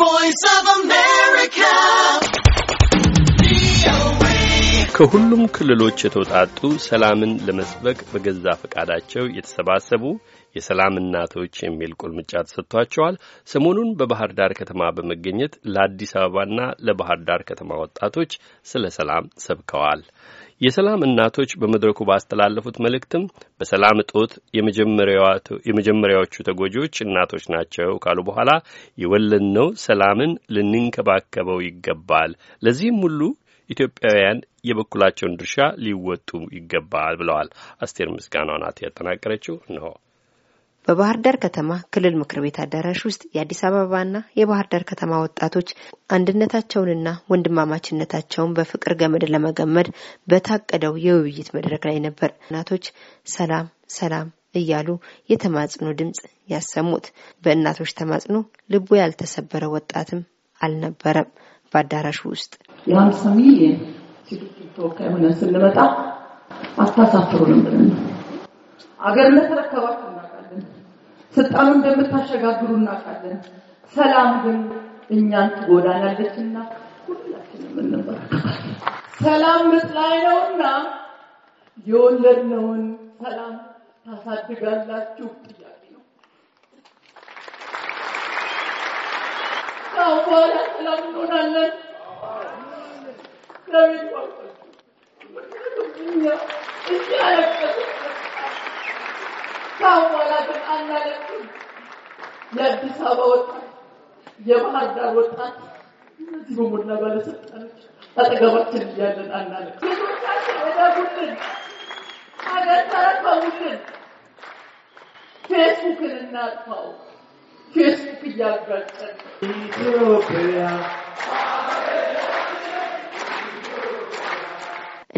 voice of America. ከሁሉም ክልሎች የተውጣጡ ሰላምን ለመስበክ በገዛ ፈቃዳቸው የተሰባሰቡ የሰላም እናቶች የሚል ቁልምጫ ተሰጥቷቸዋል። ሰሞኑን በባህር ዳር ከተማ በመገኘት ለአዲስ አበባና ለባህር ዳር ከተማ ወጣቶች ስለ ሰላም ሰብከዋል። የሰላም እናቶች በመድረኩ ባስተላለፉት መልእክትም በሰላም እጦት የመጀመሪያዎቹ ተጎጂዎች እናቶች ናቸው ካሉ በኋላ የወለድነው ሰላምን ልንንከባከበው ይገባል፣ ለዚህም ሁሉ ኢትዮጵያውያን የበኩላቸውን ድርሻ ሊወጡ ይገባል ብለዋል። አስቴር ምስጋናው ናት ያጠናቀረችው ነው። በባህር ዳር ከተማ ክልል ምክር ቤት አዳራሽ ውስጥ የአዲስ አበባና የባህር ዳር ከተማ ወጣቶች አንድነታቸውንና ወንድማማችነታቸውን በፍቅር ገመድ ለመገመድ በታቀደው የውይይት መድረክ ላይ ነበር እናቶች ሰላም ሰላም እያሉ የተማጽኖ ድምፅ ያሰሙት። በእናቶች ተማጽኖ ልቡ ያልተሰበረ ወጣትም አልነበረም በአዳራሹ ውስጥ። የሀምሳ ሚሊዮን ተወካይ ስንመጣ አታሳፍሩንም ብለን አገር ለተረከባችሁ ስልጣኑ እንደምታሸጋግሩ እናውቃለን። ሰላም ግን እኛን ትጎዳናለችና ሁላችንም እንበረከታለን። ሰላም ምጥላይ ነውና የወለድነውን ሰላም ታሳድጋላችሁ ጥያቄ ነው። ሰላም እንሆናለን። ከአሁን በኋላ ግን አናለቅም። የአዲስ አበባ ወጣት፣ የባህር ዳር ወጣት፣ እነዚህ በሞላ ባለስልጣኖች አጠገባችን እያለን አናለቅም። ልጆቻችን ወደጉልን፣ ሀገር ተረከቡልን። ፌስቡክን እናጥፋው። ፌስቡክ እያጋጨን ኢትዮጵያ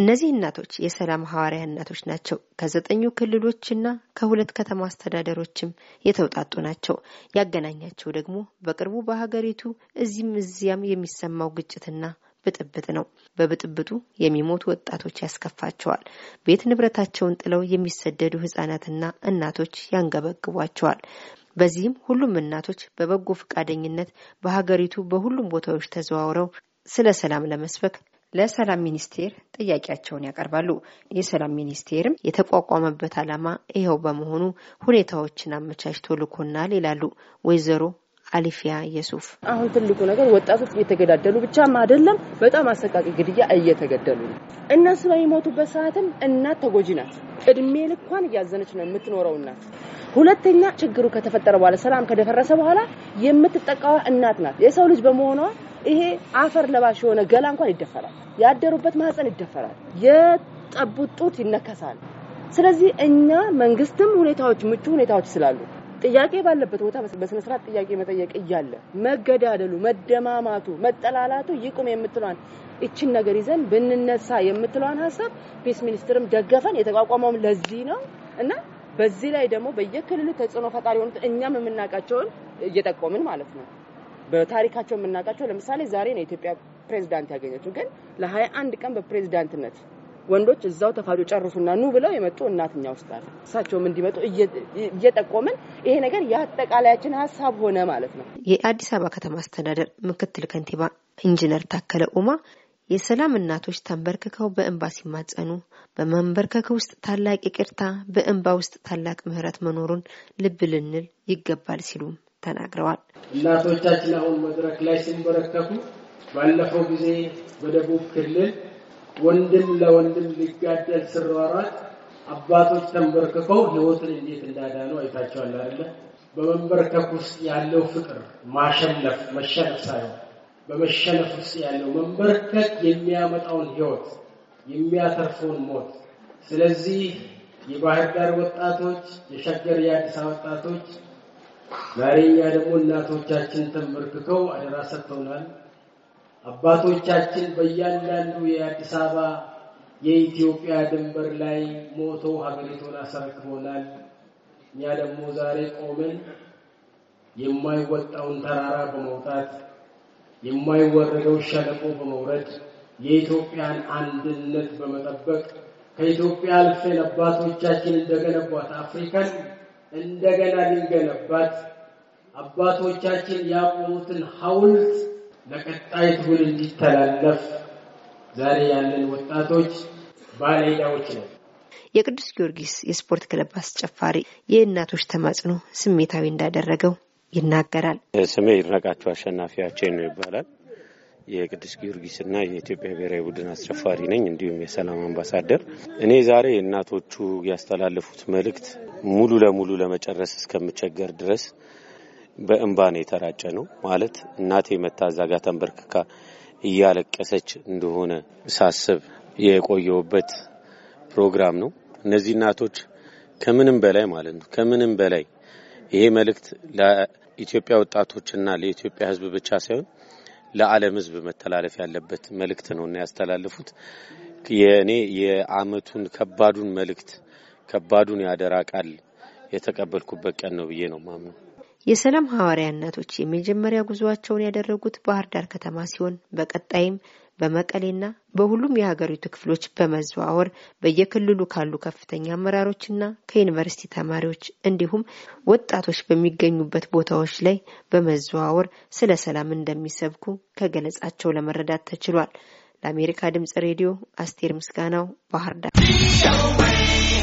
እነዚህ እናቶች የሰላም ሐዋርያ እናቶች ናቸው። ከዘጠኙ ክልሎችና ከሁለት ከተማ አስተዳደሮችም የተውጣጡ ናቸው። ያገናኛቸው ደግሞ በቅርቡ በሀገሪቱ እዚህም እዚያም የሚሰማው ግጭትና ብጥብጥ ነው። በብጥብጡ የሚሞቱ ወጣቶች ያስከፋቸዋል። ቤት ንብረታቸውን ጥለው የሚሰደዱ ህጻናትና እናቶች ያንገበግቧቸዋል። በዚህም ሁሉም እናቶች በበጎ ፈቃደኝነት በሀገሪቱ በሁሉም ቦታዎች ተዘዋውረው ስለ ሰላም ለመስበክ ለሰላም ሚኒስቴር ጥያቄያቸውን ያቀርባሉ። የሰላም ሚኒስቴርም የተቋቋመበት ዓላማ ይኸው በመሆኑ ሁኔታዎችን አመቻችቶ ልኮናል ይላሉ ወይዘሮ አሊፊያ የሱፍ። አሁን ትልቁ ነገር ወጣቶች እየተገዳደሉ ብቻም አይደለም፣ በጣም አሰቃቂ ግድያ እየተገደሉ ነው። እነሱ በሚሞቱበት ሰዓትም እናት ተጎጂ ናት። እድሜ ልኳን እያዘነች ነው የምትኖረው እናት። ሁለተኛ ችግሩ ከተፈጠረ በኋላ ሰላም ከደፈረሰ በኋላ የምትጠቃዋ እናት ናት። የሰው ልጅ በመሆኗ ይሄ አፈር ለባሽ የሆነ ገላ እንኳን ይደፈራል። ያደሩበት ማህፀን ይደፈራል። የጠቡት ጡት ይነከሳል። ስለዚህ እኛ መንግስትም ሁኔታዎች ምቹ ሁኔታዎች ስላሉ ጥያቄ ባለበት ቦታ በስነ ስርዓት ጥያቄ መጠየቅ እያለ መገዳደሉ፣ መደማማቱ፣ መጠላላቱ ይቁም የምትለዋን እችን ነገር ይዘን ብንነሳ የምትለዋን ሀሳብ ፒስ ሚኒስትርም ደገፈን። የተቋቋመውም ለዚህ ነው እና በዚህ ላይ ደግሞ በየክልሉ ተጽዕኖ ፈጣሪ የሆኑት እኛም የምናውቃቸውን እየጠቆምን ማለት ነው። በታሪካቸው የምናውቃቸው ለምሳሌ ዛሬ ነው የኢትዮጵያ ፕሬዚዳንት ያገኘችው። ግን ለሀያ አንድ ቀን በፕሬዚዳንትነት ወንዶች እዛው ተፋዶ ጨርሱና ኑ ብለው የመጡ እናትኛ ውስጥ አለ። እሳቸውም እንዲመጡ እየጠቆምን ይሄ ነገር የአጠቃላያችን ሀሳብ ሆነ ማለት ነው። የአዲስ አበባ ከተማ አስተዳደር ምክትል ከንቲባ ኢንጂነር ታከለ ኡማ የሰላም እናቶች ተንበርክከው በእንባ ሲማጸኑ በመንበርከክ ውስጥ ታላቅ ይቅርታ፣ በእንባ ውስጥ ታላቅ ምሕረት መኖሩን ልብ ልንል ይገባል ሲሉም ተናግረዋል። እናቶቻችን አሁን መድረክ ላይ ሲንበረከኩ ባለፈው ጊዜ በደቡብ ክልል ወንድም ለወንድም ሊጋደል ስሯሯጥ አባቶች ተንበርክከው ህይወትን እንዴት እንዳዳነው አይታቸዋል አይደለ? በመንበርከክ ውስጥ ያለው ፍቅር ማሸነፍ መሸነፍ ሳይሆን በመሸነፍ ውስጥ ያለው መንበርከክ የሚያመጣውን ህይወት የሚያተርፈውን ሞት። ስለዚህ የባህር ዳር ወጣቶች፣ የሸገር የአዲስ አበባ ወጣቶች ዛሬ እኛ ደግሞ እናቶቻችን ተንበርክከው አደራ ሰጥተውናል። አባቶቻችን በእያንዳንዱ የአዲስ አበባ የኢትዮጵያ ድንበር ላይ ሞተው ሀገሪቱን አስረክበውናል። እኛ ደግሞ ዛሬ ቆመን የማይወጣውን ተራራ በመውጣት የማይወረደው ሸለቆ በመውረድ የኢትዮጵያን አንድነት በመጠበቅ ከኢትዮጵያ አልፈን አባቶቻችን እንደገነቧት አፍሪካን እንደገና ልንገነባት አባቶቻችን ያቆሙትን ሐውልት ለቀጣይ ትውልድ እንዲተላለፍ ዛሬ ያለን ወጣቶች ባለዳዎች ነው። የቅዱስ ጊዮርጊስ የስፖርት ክለብ አስጨፋሪ የእናቶች ተማጽኖ ስሜታዊ እንዳደረገው ይናገራል። ስሜ ይድነቃቸው አሸናፊያቸው ነው ይባላል። የቅዱስ ጊዮርጊስ እና የኢትዮጵያ ብሔራዊ ቡድን አስጨፋሪ ነኝ፣ እንዲሁም የሰላም አምባሳደር። እኔ ዛሬ እናቶቹ ያስተላለፉት መልእክት ሙሉ ለሙሉ ለመጨረስ እስከምቸገር ድረስ በእንባ ነው የተራጨ ነው ማለት እናቴ መታ እዛ ጋ ተንበርክካ እያለቀሰች እንደሆነ ሳስብ የቆየውበት ፕሮግራም ነው። እነዚህ እናቶች ከምንም በላይ ማለት ነው ከምንም በላይ ይሄ መልእክት ለኢትዮጵያ ወጣቶችና ለኢትዮጵያ ሕዝብ ብቻ ሳይሆን ለዓለም ሕዝብ መተላለፍ ያለበት መልእክት ነው እና የእኔ የአመቱን ከባዱን መልእክት ከባዱን ያደራ ቃል የተቀበልኩበት ቀን ነው ብዬ ነው ማምነው። የሰላም ሐዋርያ እናቶች የመጀመሪያ ጉዞቸውን ያደረጉት ባህር ዳር ከተማ ሲሆን በቀጣይም በመቀሌና በሁሉም የሀገሪቱ ክፍሎች በመዘዋወር በየክልሉ ካሉ ከፍተኛ አመራሮችና ከዩኒቨርሲቲ ተማሪዎች እንዲሁም ወጣቶች በሚገኙበት ቦታዎች ላይ በመዘዋወር ስለ ሰላም እንደሚሰብኩ ከገለጻቸው ለመረዳት ተችሏል። ለአሜሪካ ድምጽ ሬዲዮ አስቴር ምስጋናው ባህር ዳር